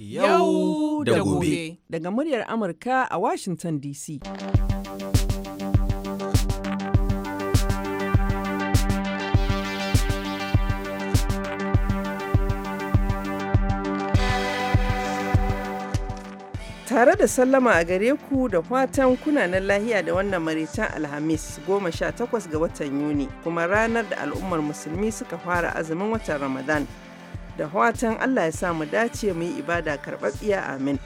yau da gobe daga muryar amurka a washington dc tare da sallama a gare ku da fatan kunanan lahiya da wannan maritan alhamis 18 ga watan yuni kuma ranar da al'ummar musulmi suka fara azumin watan ramadan da fatan Allah ya samu dace mu yi ibada karɓaɓɓiya amin.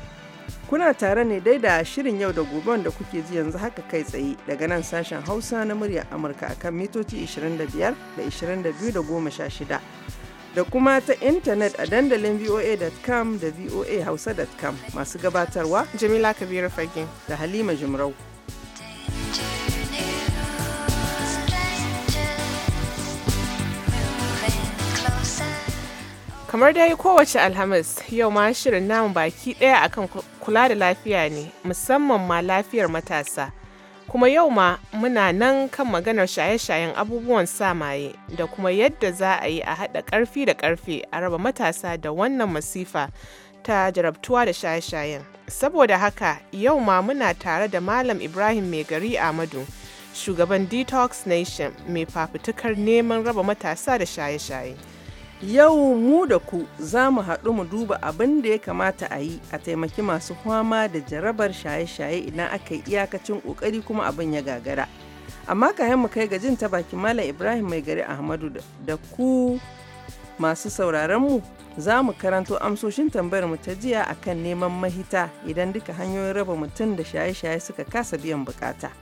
Kuna tare ne dai da shirin yau da gobe wanda kuke ji yanzu haka kai tsaye daga nan sashen Hausa na muryar Amurka akan mitoci 25 da 22 da 16 da kuma ta intanet a dandalin voa.com da voahausa.com masu gabatarwa Jamila Kabiru Fage da Halima Jumrau. kamar da dai kowace alhamis yau ma shirin namu baki daya akan kula da lafiya ne musamman ma lafiyar matasa kuma yau ma muna nan kan maganar shaye-shayen abubuwan samaye da kuma yadda za a yi a haɗa ƙarfi da ƙarfe a raba matasa da wannan masifa ta jarabtuwa da shaye-shayen saboda haka yau ma muna tare da malam ibrahim mai gari amadu shugaban detox nation mai fafutukar neman raba matasa da shaye-shaye Yau mu da ku za mu haɗu mu duba abin da ya kamata a yi a taimaki masu fama da jarabar shaye-shaye idan aka yi iyakacin ƙoƙari kuma abin ya gagara. Amma kayan mu kai gajin ta baki Malam Ibrahim Mai Gari Ahmadu da ku masu sauraron mu za mu karanto amsoshin tambayar mu ta jiya akan neman mahita idan duka hanyoyin raba mutum da shaye-shaye suka kasa biyan bukata.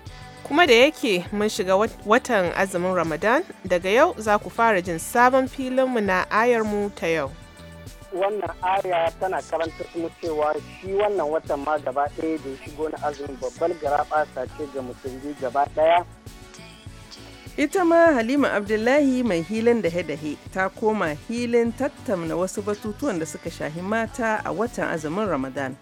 kuma da yake mun shiga watan azumin ramadan daga yau za ku fara jin sabon filinmu na ayarmu ta yau wannan aya tana karanta cewa shi wannan watan ma gaba ɗaya da shigo na azumin babbar garaba ce ga musulmi gaba ɗaya ita ma halima abdullahi mai hilin da dahe ta koma hilin tattamna wasu batutuwan da suka shahi mata a watan azumin ramadan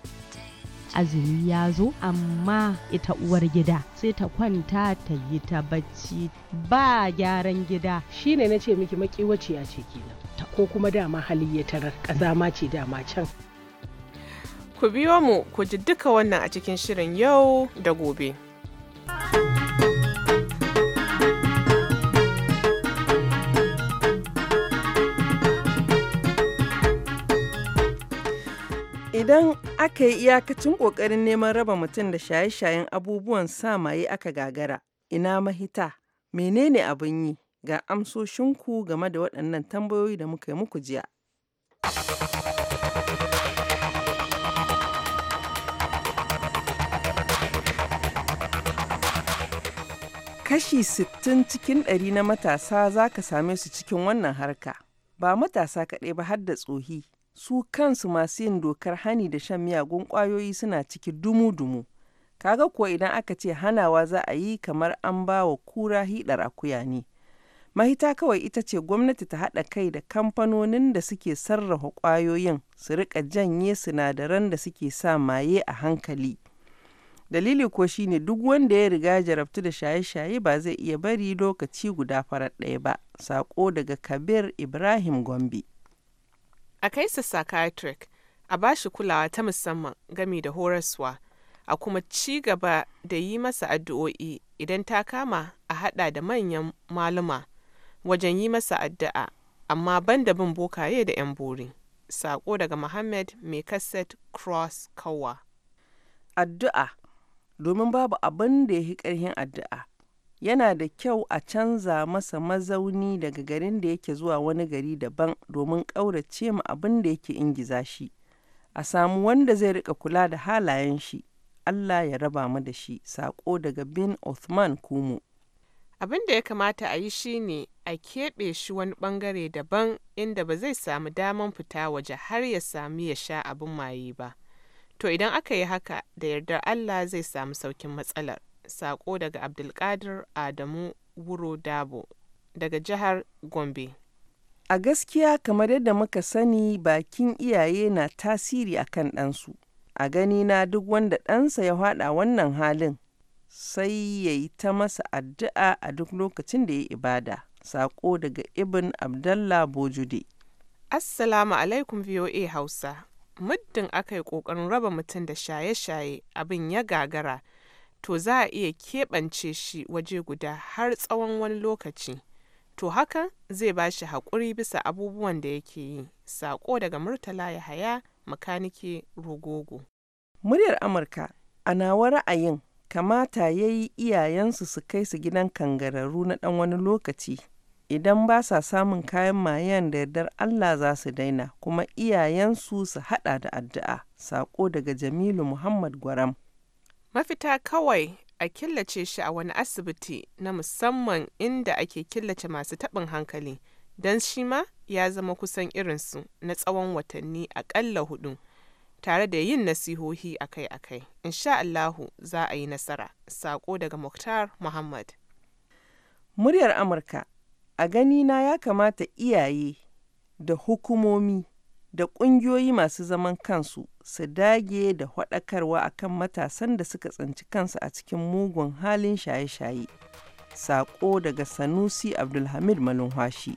azumi ya zo amma ita uwar gida sai ta kwanta ta yi ta bacci ba gyaran gida shine na ce miki makiwaciya ce kenan ko kuma dama hali ya tarar ma ce dama can ku biyo mu ku ji duka wannan a cikin shirin yau da gobe. Idan aka yi iyakacin ƙoƙarin neman raba mutum da shaye-shayen abubuwan sa maye aka gagara, ina mahita? Menene abin yi? Ga amsoshinku game da waɗannan tambayoyi da muka yi muku jiya. Kashi sittin cikin ɗari na matasa za ka same su cikin wannan harka, ba matasa kaɗai ba har da tsohi. su kansu masu yin dokar hani da shan miyagun kwayoyi suna ciki dumu-dumu. Kaga kuwa idan aka ce hanawa za a yi kamar an ba wa kura hidar akuya ne. Mahita kawai ita ce gwamnati ta haɗa kai da kamfanonin da suke sarrafa ƙwayoyin su rika janye sinadaran da suke sa maye a hankali. Dalili ko shine duk wanda ya riga jarabtu da shaye-shaye ba zai iya bari lokaci guda farat ɗaya ba. Sako daga Kabir Ibrahim Gombe. A kai sa psychiatric, a ba shi kulawa ta musamman gami da horaswa, a kuma ci gaba da yi masa addu'o'i idan ta kama a haɗa da manyan maluma wajen yi masa addu'a, amma ban da bin bokaye da 'yan bori. Sako daga Muhammad mai kaset Cross Kawa. Addu'a, domin babu abin da ya fi ƙarhin addu'a. yana da kyau a canza masa mazauni daga garin da yake zuwa wani gari daban domin ƙaurace ma abin da yake ingiza shi. A samu wanda zai rika kula da halayen shi, Allah ya raba mu da shi, saƙo daga bin Othman Kumu. Abin da ya kamata a yi shi ne a keɓe shi wani ɓangare daban inda ba zai samu daman fita waje har ya sami ya sha abin maye ba. To idan aka yi haka da yardar Allah zai samu saukin matsalar. Sako daga Abdulkadir Adamu Wuro Dabo daga jihar Gombe. A gaskiya kamar yadda muka sani bakin iyaye na tasiri akan ɗansu. A gani na duk wanda ɗansa ya haɗa wannan halin sai ya yi ta masa addu'a a duk lokacin da ya ibada. Saƙo daga Ibn Abdallah Bojude. Assalamu alaikum VOA Hausa. Muddin aka yi ƙoƙarin raba mutum da shaye-shaye abin ya gagara. to za a iya keɓance shi waje guda har tsawon wani lokaci to hakan zai ba shi haƙuri bisa abubuwan da yake yi saƙo daga murtala ya haya makanike rogogo muryar amurka a nawa ra'ayin kamata ya yi iyayensu su kai su gidan kangararru na ɗan wani lokaci idan ba sa samun kayan mayen da yardar Allah za su daina kuma iyayensu su haɗa da addu'a sako daga Jamilu Muhammad Gwaram. mafita kawai a killace shi a wani asibiti na musamman inda ake killace masu taɓin hankali don shi ma ya zama kusan irinsu na tsawon watanni aƙalla hudu tare da yin nasihohi akai-akai insha Allahu za a yi nasara saƙo daga Muktar Muhammad muryar Amurka a ganina ya kamata iyaye da hukumomi da ƙungiyoyi masu zaman kansu su dage da a akan matasan da suka tsinci kansu a cikin mugun halin shaye-shaye. Saƙo daga Sanusi Abdulhamid Malumhashi.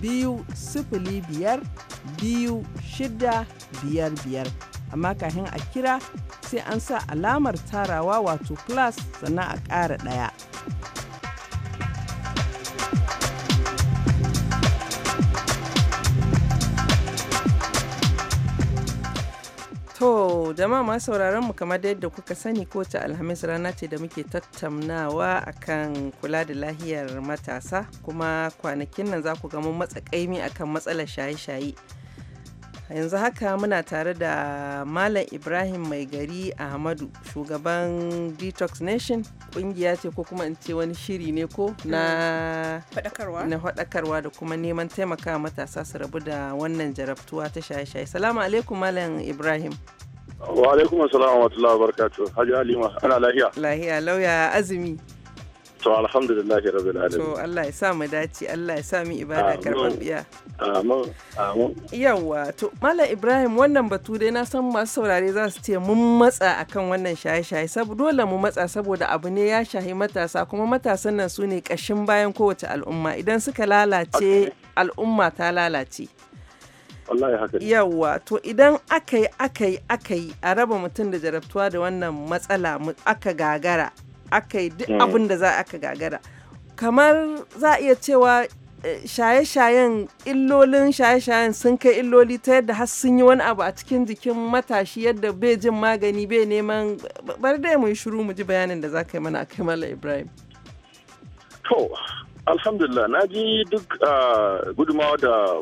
biyu sifili biyar biyu shida biyar biyar amma kafin a kira sai an sa alamar tarawa wato plus sannan a ƙara ɗaya. To jama'a ma sauraron mu kamar yadda kuka sani ko ta alhamis rana ce da muke tattaunawa akan kula da lahiyar matasa kuma kwanakin nan za ku ga mun matsakaimi akan matsalar shaye-shaye. yanzu haka muna tare da Malam Ibrahim Mai Gari Ahmadu, shugaban Detox Nation, kungiya ce ko kuma in ce wani shiri ne ko na hmm. faɗakarwa da kuma neman taimaka matasa su rabu da wannan jarabtuwa ta shaye-shaye. Salamu alaikum Malam Ibrahim. Wa alaikum salamu wa rahmatullahi wa barakatuh. Hajji Halima, ana lahiya. Lahiya, lauya azumi. To alhamdulillah rabbil alamin. To Allah ya sa mu dace, Allah ya sa mu ibada biya Amin. Amin. Yawwa, to mallam Ibrahim wannan batu dai na san masu saurare za su ce mun matsa akan wannan shaye-shaye saboda dole mu matsa saboda abu ne ya shahi matasa kuma matasan nan su ne ƙashin bayan kowace al'umma idan suka lalace al'umma ta lalace. Yawwa, to idan aka yi aka yi aka yi a raba mutum da jarabtuwa da wannan matsala aka gagara aka yi duk mm. abin da za aka gagara kamar za a iya cewa eh, shaye-shayen illolin shaye-shayen sun kai illoli ta yadda har sun yi wani abu a cikin jikin matashi yadda bai jin magani bai neman bari dai mu yi shiru mu ji bayanin da za ka yi mana a kai mala ibrahim to alhamdulillah na ji duk ah, gudumawa da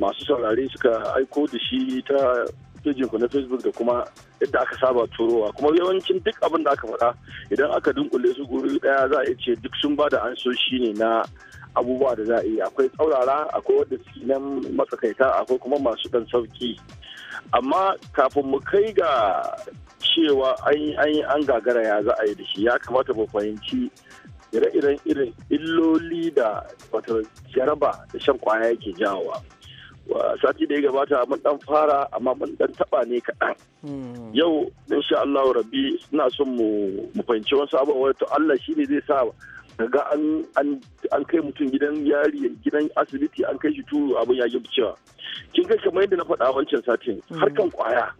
masu saurare suka aiko da shi ta pejin ku na facebook da kuma yadda aka saba turowa kuma yawancin duk abin da aka faɗa idan aka dunkule su guri daya za a ce duk sun ba da ansoshi ne na abubuwa da za a yi akwai tsaurara akwai wadda suke nan matsakaita akwai kuma masu dan sauki amma kafin mu kai ga cewa an gagara ya za a yi da shi ya kamata mu fahimci ire-iren irin illoli da wato jaraba da shan kwaya yake jawowa. sati da ya gabata mun dan fara amma mun dan taba ne kaɗan. Hmm. Yau insha Allah rabbi suna son mu fahimci wasu abubuwa to Allah shine zai sa ga an kai mutum gidan yari gidan asibiti an kai shi turu abun ya cewa kin ga kamar yadda na faɗa wancan satin hmm. harkan kwaya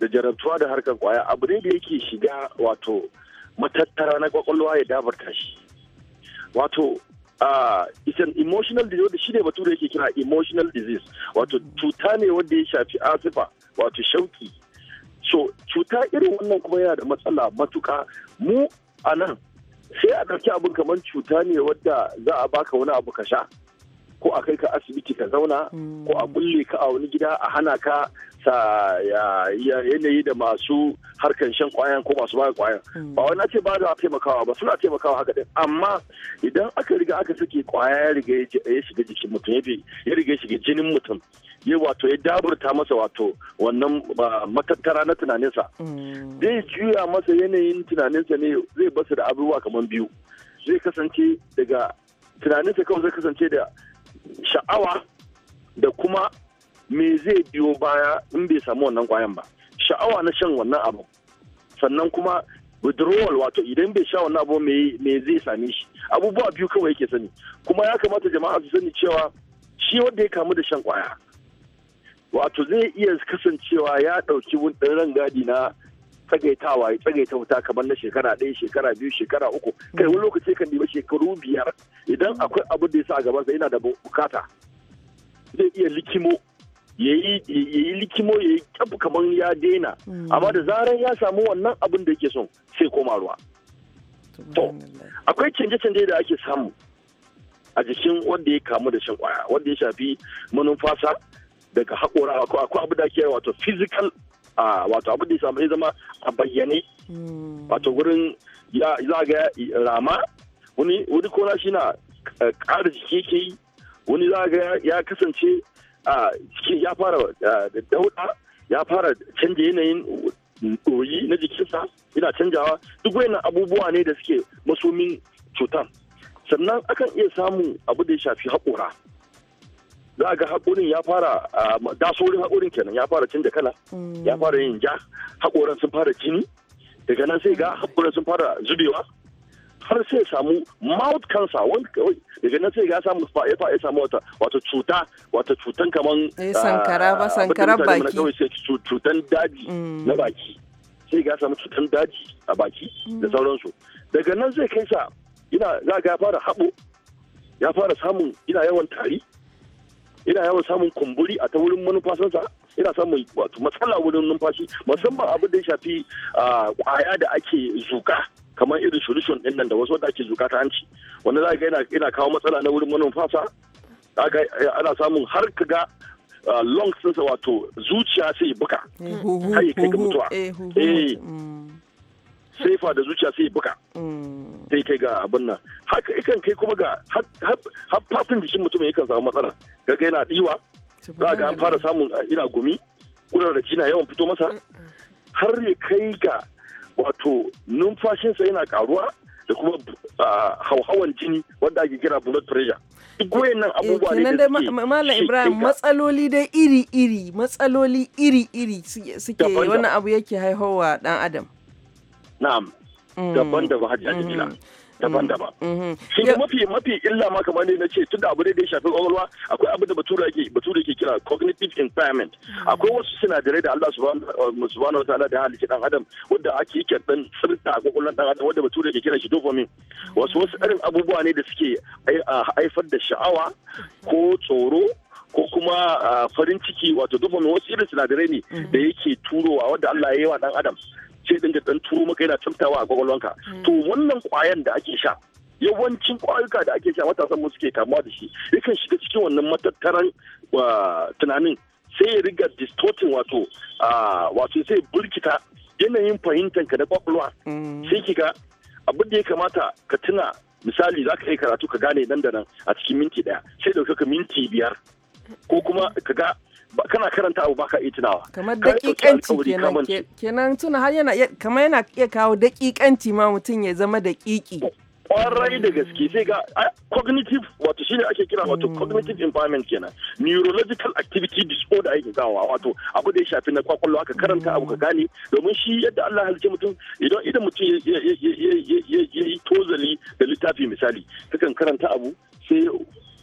da jarabtuwa da harkan kwaya abu ne da yake shiga wato matattara na kwakwalwa ya dabarta shi wato uh, it's an emotional disease shi ne bature yake kira emotional disease wato cuta ne wanda ya shafi asifa wato shauki so cuta irin wannan kuma yana da matsala matuka mu a nan sai a ɗauki abin kamar cuta ne wadda za a baka wani abu ka sha ko a kai ka asibiti ka zauna ko a kulle ka a wani gida a hana ka sa ya yanayi da masu harkan shan kwayan ko masu bayan kwayan hmm. ba wani ce ba da taimakawa ba suna taimakawa haka din amma idan aka riga aka saki kwaya ya riga ya shiga jikin mutum ya riga ya shiga jinin mutum ya wato ya daburta masa wato wannan matattara na tunaninsa hmm. zai juya masa yanayin tunaninsa ne zai basu da abubuwa kamar biyu zai kasance daga tunaninsa kawai zai kasance da sha'awa da kuma me zai biyo baya in bai samu wannan kwayan ba sha'awa na shan wannan abu sannan kuma withdrawal wato idan bai sha wannan abu me zai same shi abubuwa biyu kawai yake sani kuma ya kamata jama'a su sani cewa shi wanda ya kamu da shan kwaya wato zai iya kasancewa ya ɗauki wani gadi na tsagaitawa ya tsagaita wuta kamar na shekara ɗaya shekara biyu shekara uku kai wani lokaci kan nemi shekaru biyar idan akwai abu da ya sa a gabansa yana da bukata zai iya likimo ya yi likimo ya yi kyabu kamar ya daina hmm. amma da zarar ya samu wannan abin da yake son sai koma ruwa to akwai canje-canje da ake samu a jikin wanda ya kamu da shan kwaya wanda ya shafi manumfasa daga haƙora akwai abu da wato physical wato abu da ya samu ya zama a bayyane hmm. wato wurin ya zagaya rama wani kona shi na eh, ƙara jiki wani za ya kasance ciki ya fara da dauda ya fara canja yanayin ɗoyi na jikinsa yana canjawa duk wani abubuwa ne da suke masomin cutan sannan akan iya samun abu da ya shafi haƙora za ga haƙorin ya fara dasorin haƙorin kenan ya fara canja kala mm. ya fara yin ja haƙoran sun fara jini daga nan sai ga haƙoran sun fara zubewa har sai samu mouth cancer wani kawai daga nan sai ya samu ya fa ya samu wata wato cuta wato cutan kaman eh, sankara ba ah, sankara baki sai cutan daji mm. na baki sai ya samu cutan daji a baki da mm. sauransu daga nan zai kai sa ina za ga fara habo ya fara samun ina yawan tari ina yawan samun kumburi a ta wurin manufasansa ina samun wato matsala wurin numfashi musamman abin da ya shafi kwaya ah, da ake zuka kamar irin solution din nan da wasu wanda ake zukata ta hanci wanda za ga yana kawo matsala na wurin manufasa eh, ana samun har ka ga ah, lungs ɗinsa wato zuciya sai buka eh, har ya kai ga mutuwa eh, eh mm. fa da zuciya sai buka mm. sai kai ga abin nan haka ikan kai kuma ga har fatin jikin mutum yakan samu matsala Ga ga yana diwa za ga an fara samun ah, ina gumi kuna da kina yawan fito masa mm. har ya kai ga wato numfashinsa yana karuwa da kuma ah, hauhawan jini wanda ake kira blood pressure duk wayannan eh, abubuwa ne da suke malam ibrahim matsaloli dai iri iri matsaloli iri iri suke wani abu yake haihowa dan adam na'am mm. daban daban hajji jamila mm. daban-daban. Mm-hmm. Mm-hmm. Shin mafi mafi illa ma kamar ne na ce tun da abu da ya shafi kwakwalwa akwai abu da batura ke batura ke kira cognitive impairment. Mm-hmm. Akwai wasu sinadarai da Allah subhanahu wa ta'ala da halicci dan adam wanda ake yake dan tsirta a kwakwalwan dan adam wanda batura ke kira shi dopamine. Wasu wasu irin abubuwa ne da suke haifar da sha'awa ko tsoro ko kuma farin ciki wato dopamine wasu irin sinadarai ne da yake turowa wanda Allah ya yi wa dan adam sai da dan turo maka yana tsamtawa a kwakwalwanka hmm. to wannan kwayan da ake sha yawancin kwayuka da ake sha matasan mu suke kamuwa da shi yakan shiga cikin wannan matattaran tunanin sai ya riga distorting wato wato sai burkita yanayin fahimtar ka na kwakwalwa hmm. sai kiga abin da ya kamata ka tuna misali za ka yi karatu ka gane nan da nan a cikin minti daya sai dauke ka minti biyar ko kuma ka ga kana karanta abu baka iya tunawa kamar dakikanci kenan kenan tuna har yana kamar yana iya kawo dakikanci ma mutum ya zama dakiki kwarai da gaske sai ga cognitive wato shine ake kira wato mm. cognitive impairment kenan neurological activity disorder ake kawo wato abu da ya shafi na kwakwalwa ka karanta abu ka mm. gane domin shi yadda Allah halice mutum idan idan mutum ya yi tozali da littafi misali kakan karanta abu sai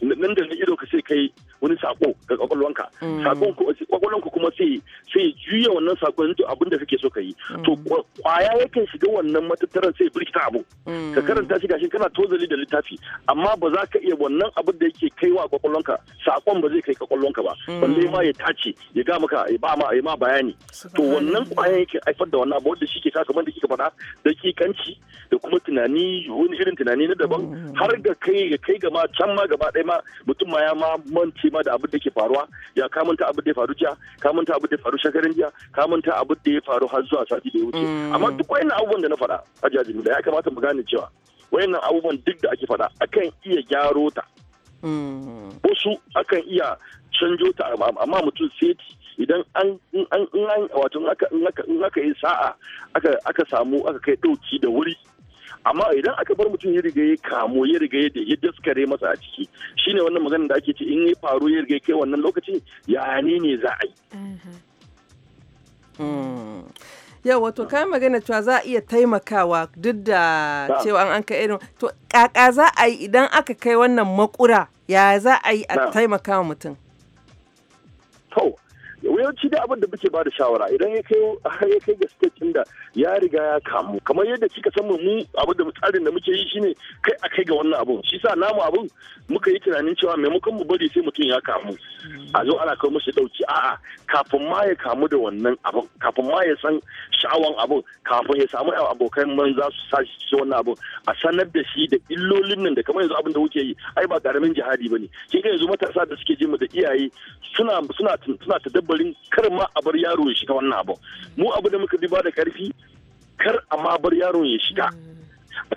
nan da ido ka sai kai wani sako ga kwakwalwanka mm. sakon kwakwalwanka kuma sai sai juya wannan sako into abin da kake so ka yi mm. to kwaya yake shiga wannan matattaran sai birkita abu mm. ka karanta shi gashi kana tozali da littafi amma ba za ka iya wannan abin da yake kaiwa kwakwalwanka sakon ba zai kai kwakwalwanka ba balle ma ya tace ya ga maka ya ba ma ya ma bayani to wannan kwaya yake haifar da wannan abu wanda shi ke sa kamar da kika faɗa da kikanci da kuma tunani wani irin tunani na daban har ga kai ga kai ga ma can ma gaba ɗaya ma mutum ma ya ma mance kai ma da abin da ke faruwa ya ka abin da ya faru jiya ka manta abin da ya faru shekaran jiya ka manta abin da ya faru har zuwa sati da ya wuce mm. amma duk wayannan abubuwan da na faɗa a jaji da ya kamata mu gane cewa wayannan abubuwan duk da ake faɗa akan iya gyaro ta mm. wasu akan iya canjo ta amma mutum sai idan an an wato in aka yi sa'a aka samu aka kai ɗauki da wuri amma idan aka bar mutum ya riga ya kamo ya riga ya ya daskare masa a ciki shine wannan maganar da ake ce in ya faru ya riga kai wannan lokacin ya ne ne za a yi mm. yau wato kai magana cewa za a iya taimakawa duk da cewa an ka irin to kaka za a yi idan aka kai wannan makura ya za a yi a taimakawa mutum yawanci da abin da muke ba da shawara idan ya kai ya kai ga stage da ya riga ya kamu kamar yadda kika san mu abin da tsarin da muke yi shine kai a kai ga wannan abun shi sa namu abun muka yi tunanin cewa maimakon mu bari sai mutum ya kamu a zo ana kai musu dauki a kafin ma ya kamu da wannan abun kafin ma ya san sha'awan abun kafin ya samu abokan manza su sa shi wannan abun a sanar da shi da illolin nan da kamar yanzu abin da muke yi ai ba karamin jihadi bane kin ga yanzu matasa da suke jin mu da iyaye suna suna suna barin kar ma a bar yaro ya shiga wannan abu mu abu da muka bi ba da karfi kar a ma bar yaro ya shiga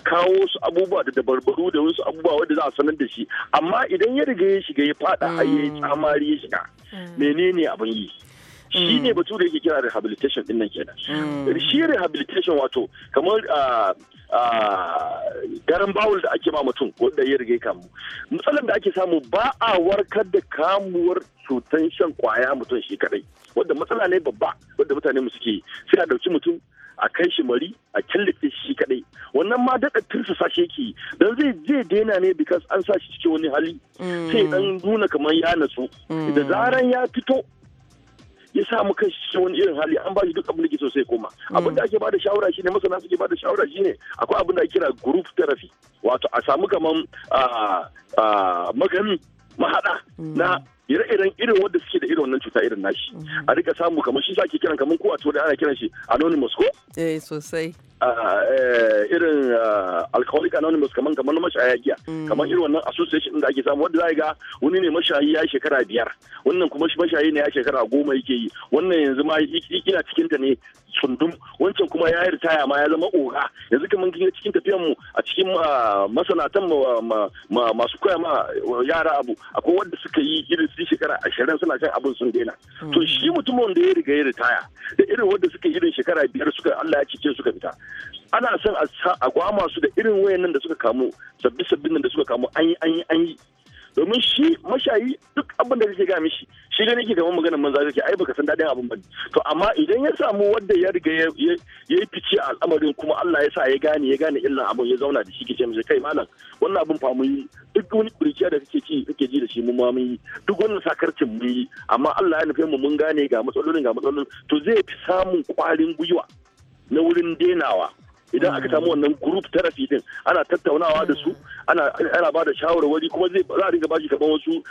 a kawo su abubuwa da dabarbaru da wasu abubuwa wanda za a sanar da shi amma idan ya riga ya shiga ya fada a ya tsamari ya shiga mm. menene abin yi shi ne mm. batu da yake kira rehabilitation din nan kenan mm. shi rehabilitation wato kamar ah, ah, garan bawul da ake ma mutum wanda ya rige kamu matsalar da ake samu ba a warkar da kamuwar cutar shan kwaya mutum shi kadai wanda matsala ne babba wanda mutane mu suke sai a dauki mutum a kai shi mari a killace shi kadai wannan ma daɗa tursasa shi dan zai je daina ne because an sa shi cikin wani hali mm. sai dan nuna kamar ya natsu da zaran ya fito ya sa mu kai wani irin hali an ba shi duk abin da ke so sai koma mm. abin da ake bada shawara shine masana suke bada shawara shine akwai abin da kira group therapy wato a samu kaman magani mahaɗa mm. na ire-iren irin wanda suke da irin wannan cuta irin nashi mm. a rika samu kamar shi sa ake kiran kamar ko a turai ana kiran shi anonymous ko eh sosai Eh, irin alcoholic anonymous kamar kamar mashaya giya mm. kamar irin wannan association da ake samu wanda za ga wani ne mashayi ya shekara biyar wannan kuma mashayi ne ya shekara goma yake yi wannan yanzu ma ikina cikin ta ne sundum wancan kuma ya ritaya ma ya zama oga yanzu kamar kin cikin tafiyan mu a cikin masanatan masu koya ma yara abu akwai wanda suka yi irin su shekara ashirin suna kan abin sun daina mm. to shi mutumin da ya riga ya ritaya da irin wanda suka yi irin shekara biyar suka Allah ya cice suka fita ana son a gwama su da irin wayannan da suka kamu sabbi sabbin da suka kamu an yi an yi an yi domin shi mashayi duk abin da kake ga mishi shi ne yake kamar maganar manza yake ai baka san dadin abin ba to amma idan ya samu wanda ya riga ya yi fice a al'amarin kuma Allah ya sa ya gane ya gane illan abin ya zauna da shi kike mishi kai malam wannan abin fa mun yi duk wani kuriciya da kake ci kake ji da shi mun ma mun yi duk wannan sakarcin mun yi amma Allah ya nufe mu mun gane ga matsalolin ga matsalolin to zai fi samun kwarin gwiwa na wurin denawa idan aka samu mm. wannan group therapy din ana tattaunawa da su ana ba da shawarwari kuma za a dinga ba shi kaman wasu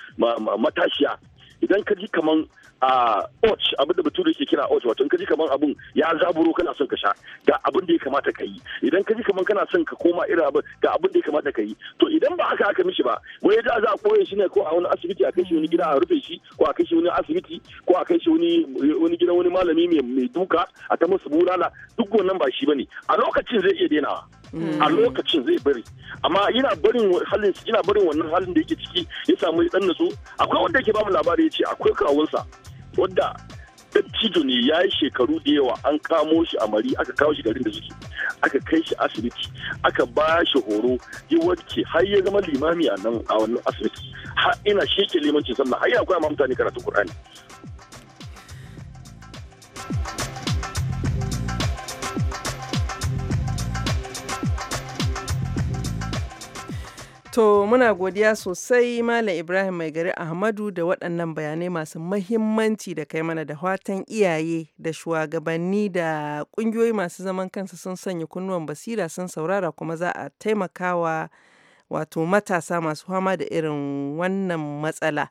matashiya idan ka ji kaman a och abin da bature ke kira och wato in kaji kamar abun ya zaburo kana son ka sha ga abin da ya kamata ka yi idan kaji kamar kana son ka koma irin abin ga abin da ya kamata ka yi to idan ba haka aka mishi ba wai da za a koye shi ne ko a wani asibiti a kai shi wani gida a rufe shi ko a kai shi wani asibiti ko a kai shi wani wani gidan wani malami mai duka a ta musu bulala duk wannan ba shi bane a lokacin zai iya daina a hmm. lokacin zai bari amma yana barin halin yana barin wannan halin da yake ciki ya samu dan natsu akwai wanda yake bamu labari ya ce akwai kawunsa wadda dattijo ne ya yi shekaru da yawa an kamo shi a mari aka kawo shi garin da suke aka kai shi asibiti aka ba shi horo ya warke har ya zama limami a nan a wannan asibiti har ina sheke limancin sallah har yi akwai mutane karatu qur'ani To muna godiya sosai Malam Ibrahim Mai Gari Ahmadu da waɗannan bayanai masu mahimmanci da kai mana da fatan iyaye da shugabanni da ƙungiyoyi masu zaman kansa sun sanya kunnuwan basira sun saurara kuma za a taimakawa wato matasa masu fama da irin wannan matsala.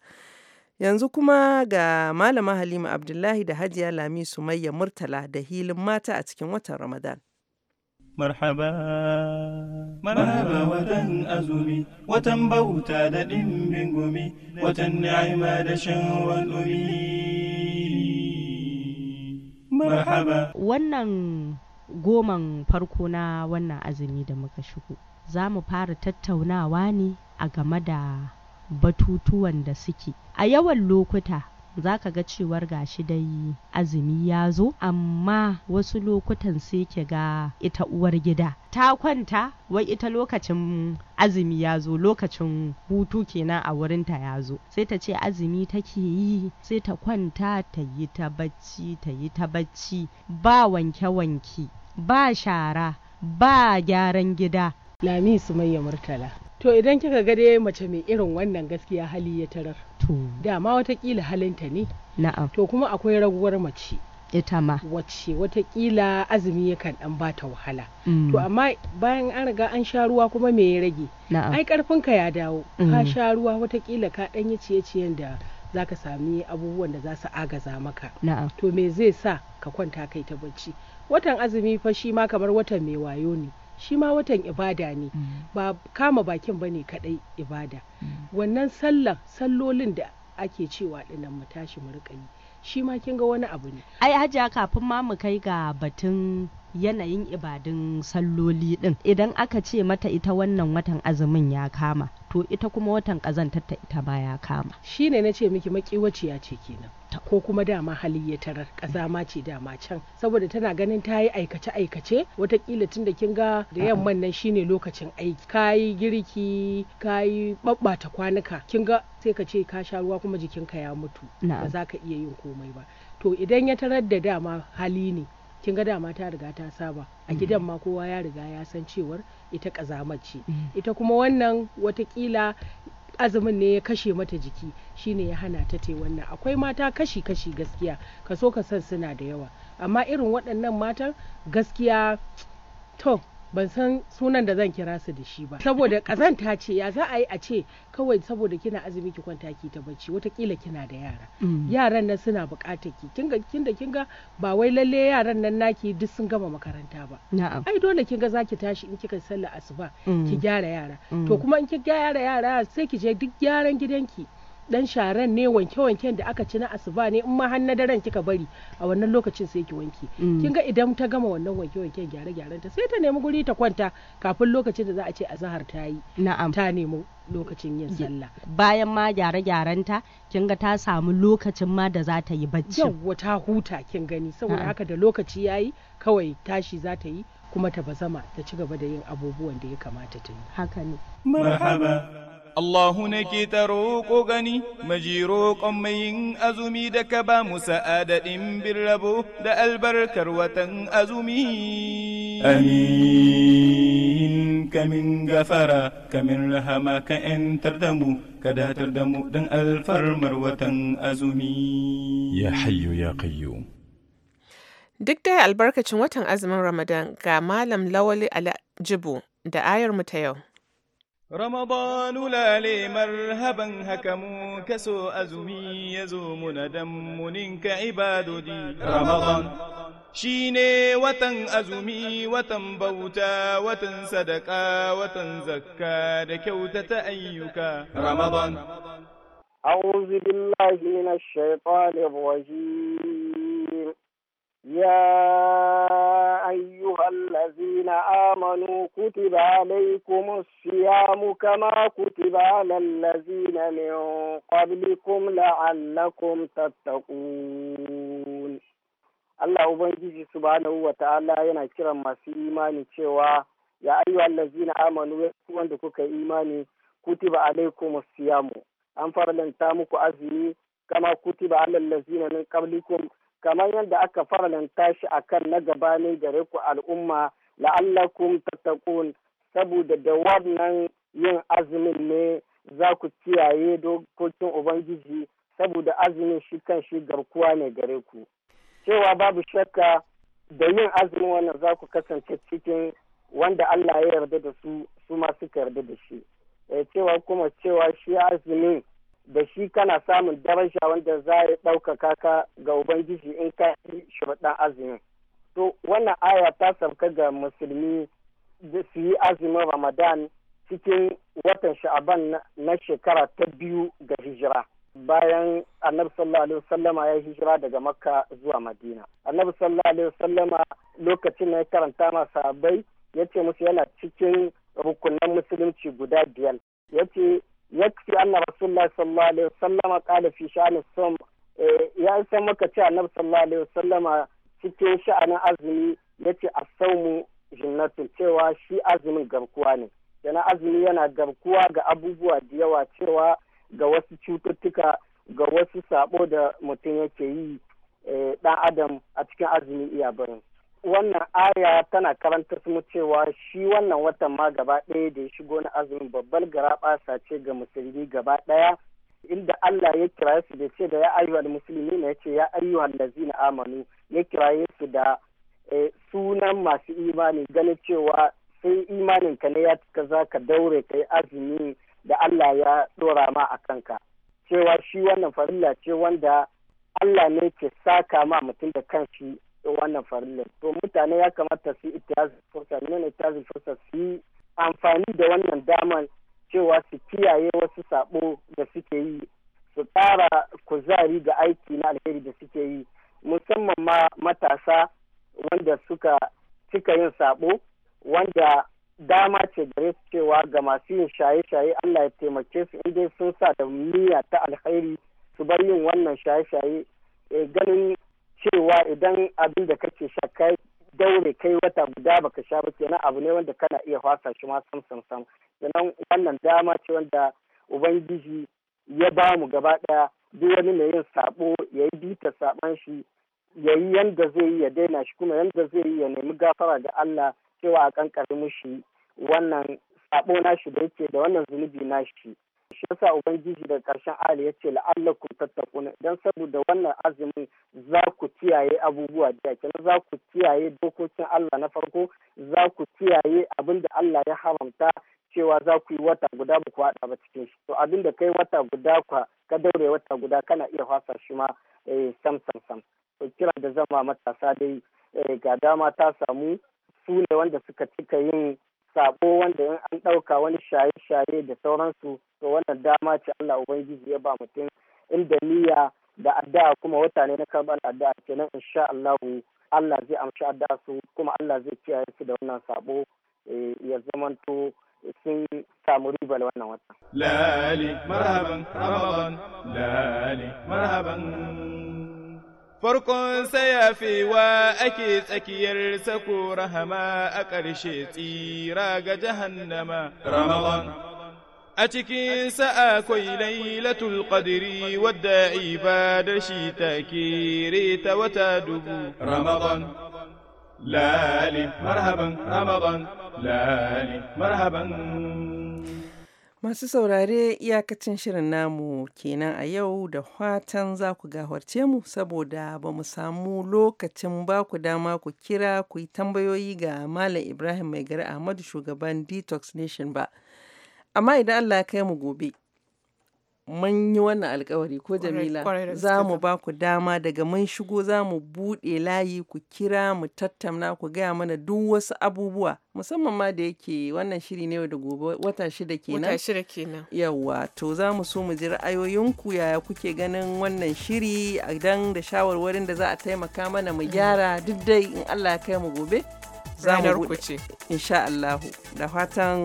Yanzu kuma ga Malama Halima Abdullahi da Hajiya Lami Sumayya Murtala da hilin mata a cikin watan Ramadan. marhaba marhaba watan azumi watan bauta da ɗimbin gumi watan ni'ima da shan dumi marhaba wannan goman farko na wannan azumi da muka shigo za mu fara tattaunawa ne a game da batutuwan da suke a yawan lokuta za ka ga cewar gashi dai azumi ya zo amma wasu lokutan sai ki ga ita uwar gida ta kwanta wai ita lokacin azumi ya zo lokacin hutu kenan a wurinta ya zo sai ta ce azumi take yi sai ta kwanta ta yi ta bacci ta yi ta bacci ba wanke-wanke ba shara ba gyaran gida Lami su Murtala. to idan kika ga dai mace mai irin wannan gaskiya hali ya tarar dama watakila halinta ne na'am to kuma akwai raguwar mace ita ma wacce watakila azumi yakan dan bata wahala mm. to amma bayan an riga an sha ruwa kuma me ya rage ai karfinka ya dawo mm. ka sha ruwa watakila ka dan yi ciye-ciyen da zaka sami abubuwan da za su agaza maka to me zai sa ka kwanta kai ta bacci watan azumi fa shi ma kamar watan mai wayo ne shi ma watan ibada ne mm. ba kama bakin ba ne kadai ibada mm. wannan sallan sallolin da ake cewa dinan mu tashi mu rika yi shi ma kin ga wani abu ne ai hajiya kafin ma mu kai ga batun yanayin ibadun salloli din idan aka ce mata ita wannan watan azumin ya kama to ita kuma watan kazantar ta ita ba ya kama shine nace miki makiwaciya ce kenan ko kuma dama hali ya tarar ƙazama ce dama can saboda tana ganin ta yi aikace aikace watakila tun da kin ga da yamman nan shine lokacin aiki Ka yi girki ka kayi babbata kwanuka kin ga sai ka ce ka sha ruwa kuma jikinka ya mutu ba za ka iya yin komai ba to idan ya tarar da dama hali ne kin ga dama ta riga ta saba a gidan ma kowa ya riga ya san cewar ita kazamar ce mm. ita kuma wannan watakila azumin ne ya kashe mata jiki shi ne ya hana ta tai wannan akwai mata kashi kashi gaskiya ka so ka san suna da yawa amma irin waɗannan matan gaskiya to ban san sunan da zan kira su da shi ba saboda kazanta ce ya za a yi a ce kawai saboda kina azumi ki kwanta ki ta bacci watakila kina da yara mm. yaran nan suna bukatar ki kinga kinda kinga ba wai lalle yaran nan naki duk sun gama makaranta ba ai dole kinga zaki tashi in kika sallar asuba mm. ki gyara yara mm. to kuma in ki gyara yara sai ki je duk gyaran gidanki dan sharan ne wanke-wanken da aka ci na asuba ne in ma har na daren kika bari a wannan lokacin sai ki wanke mm. kin ga idan ta gama wannan wanke-wanken gyare-gyaren ta sai ta nemi guri ta kwanta kafin lokacin da za a ce azahar ta yi na'am ta nemi lokacin yin sallah bayan ma gyare-gyaren ta kin ga ta samu lokacin ma da za ta yi bacci Yau ta huta kin gani saboda haka da lokaci yayi kawai tashi za ta yi kuma ta bazama ta ci gaba da yin abubuwan da ya kamata ta yi haka ne marhaba Allahuna ke ta roƙo gani, majiro roƙon azumi da ka ba mu sa'adadin bin rabo da albarkar watan azumi. Amin, kamin gafara, kamin rahama ka ‘yantar da mu, ka datar da mu don alfarmar watan azumi. Ya hayyo ya kayyo. Duk dai albarkacin watan azumin Ramadan ga Malam Lawali Ala Jibo da ayar mu ta yau. رمضان لي مرهبا هكموا كسو أزمي ندم منك عباد دي رمضان شيني وتن أزمي وتن بوتا وتن صدقا وتن زكا دكوتة أيكا رمضان أعوذ بالله من الشيطان الرجيم يا أيها الذين آمنوا كتب عليكم الصيام كما كتب على الذين من قبلكم لعلكم تتقون Allah Ubangiji subhanahu wa ta'ala yana kiran masu imani cewa ya ayyuha allazina amanu wanda kuka imani kutiba alaikum siyamu an farlanta muku azumi kama kutiba alal lazina min qablikum kamar yadda aka faranta shi kan na gabanin gare ku al'umma la'allakum tattakun saboda da wannan yin azumin ne za ku kiyaye dokokin ubangiji saboda azumin shi kan shi garkuwa ne gare ku cewa babu shakka da yin azumin wannan za ku kasance cikin wanda Allah ya yarda da su su ma suka yarda da shi eh, cewa kuma cewa shi azumin da shi kana samun darasha wanda za ya ɗaukaka ka ga ubangiji in ka yi shirɗan azumi. to wannan aya ta sauka ga musulmi da su yi azumin ramadan cikin watan sha'aban na shekara ta biyu ga hijira bayan annabi sallallahu alaihi wasallama ya hijira daga makka zuwa madina annabi sallallahu alaihi wasallama lokacin ya karanta masa sahabbai ya ce musu yana cikin rukunan musulunci guda biyar ya ce yakfi anna rasulullah sallallahu alaihi wasallama qala fi sha'anis sum eh, ya san maka ce annabi sallallahu alaihi wasallama cikin sha'anin azumi yace as-sawmu jinnatun cewa shi azumin garkuwa ne yana azumi yana garkuwa ga abubuwa da yawa cewa ga wasu cututtuka ga wasu sabo da mutum yake yi eh, dan adam a cikin azumi iya barin wannan aya tana karanta mu cewa shi wannan watan ma gaba ɗaya da ya shigo na azumin babbar garaɓasa ce ga musulmi gaba ɗaya inda Allah ya kira su da ce da ya ayyuhal musulmi ne ya ce ya ayyuhal lazina amanu ya kiraye su da e, sunan masu imani ganin cewa sai imanin ka ne ya cika za ka daure ka yi azumi da Allah ya dora ma a kanka cewa shi wannan farilla ce wanda Allah ne ke saka ma mutum da kanshi wannan farilla to mutane ya kamata su itiyazin fursa nuna fursa su yi amfani da wannan daman cewa su kiyaye wasu sabo da suke yi su tsara kuzari ga aiki na alheri da suke yi musamman ma matasa wanda suka cika yin sabo wanda dama ce gare su cewa ga masu yin shaye-shaye Allah ya taimake su in dai sun sa da niyya ta alheri su bar yin wannan shaye-shaye eh, ganin cewa idan abin da kake sha kai daure kai wata guda baka sha ba kenan abu ne wanda kana iya fasa shi ma sam sam sam sannan wannan dama ce wanda ubangiji ya ba mu gaba daya duk wani mai yin sabo ya yi bita saban shi ya yi yanda zai yi ya daina shi kuma yanda zai yi ya nemi gafara ga Allah cewa a kankare mushi wannan sabo nashi da yake da wannan zunubi na nashi shi yasa ubangiji da ƙarshen ali ya ce ku tattaquna dan saboda wannan azumin za ku kiyaye abubuwa da kenan za ku kiyaye dokokin Allah na farko za ku kiyaye abin da Allah ya haramta cewa za ku yi wata guda ba ku haɗa ba cikin shi to abin da kai wata guda ka ka daure wata guda kana iya fasa shi ma eh, sam sam sam to kira da zama matasa dai eh, ga dama ta samu su ne wanda suka cika yin sabo wanda in an ɗauka wani shaye-shaye da sauransu to wannan dama ce Allah Ubangiji ya ba mutum inda niyya da addu'a kuma wata ne na karɓar addu'a kenan insha Allah Allah zai amshi addu'a su kuma Allah zai kiyaye su da wannan sabo eh, ya zamanto sun samu da wannan wata. Lali marhaban Ramadan, lali marhaban farkon sayafewa ake tsakiyar sako rahama a ƙarshe tsira ga jahannama ramadan a cikin sa'a kwai lailatul qadri wadda ibadar shi ta kere ta wata dubu ramadan lali marhaban ramadan lali marhaban Masu saurare iyakacin shirin namu kenan a yau da fatan za ku gawarce mu saboda ba mu samu lokacin ba ku dama ku kira ku yi tambayoyi ga Malam Ibrahim Mai Gari Ahmadu shugaban Detox Nation ba. Amma idan Allah ya kai mu gobe mun yi wannan alkawari ko jamila za mu ba ku dama daga mun shigo za mu buɗe layi ku kira mu tattauna ku gaya mana duk wasu abubuwa musamman ma da yake wannan shiri ne da gobe wata shida kenan wata shida kenan yawa to za mu so mu ji ra'ayoyinku yaya kuke ganin wannan shiri a dan da shawarwarin da za a taimaka mana mu gyara duk dai in Allah ya kai mu gobe za mu buɗe insha Allah da fatan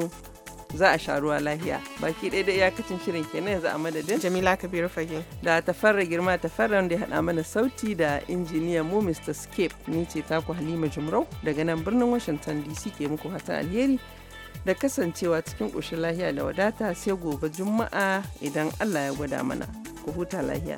za a sha ruwa lahiya baki ɗaya da iyakacin shirin kenan yanzu a madadin jamila kabiru fage da tafarra girma tafarra da ya haɗa mana sauti da injiniya mu mr scape ni ce taku halima jumrau daga nan birnin washington dc ke muku hatan alheri da kasancewa cikin ƙoshin lahiya da wadata sai gobe juma'a idan allah ya gwada mana ku huta lahiya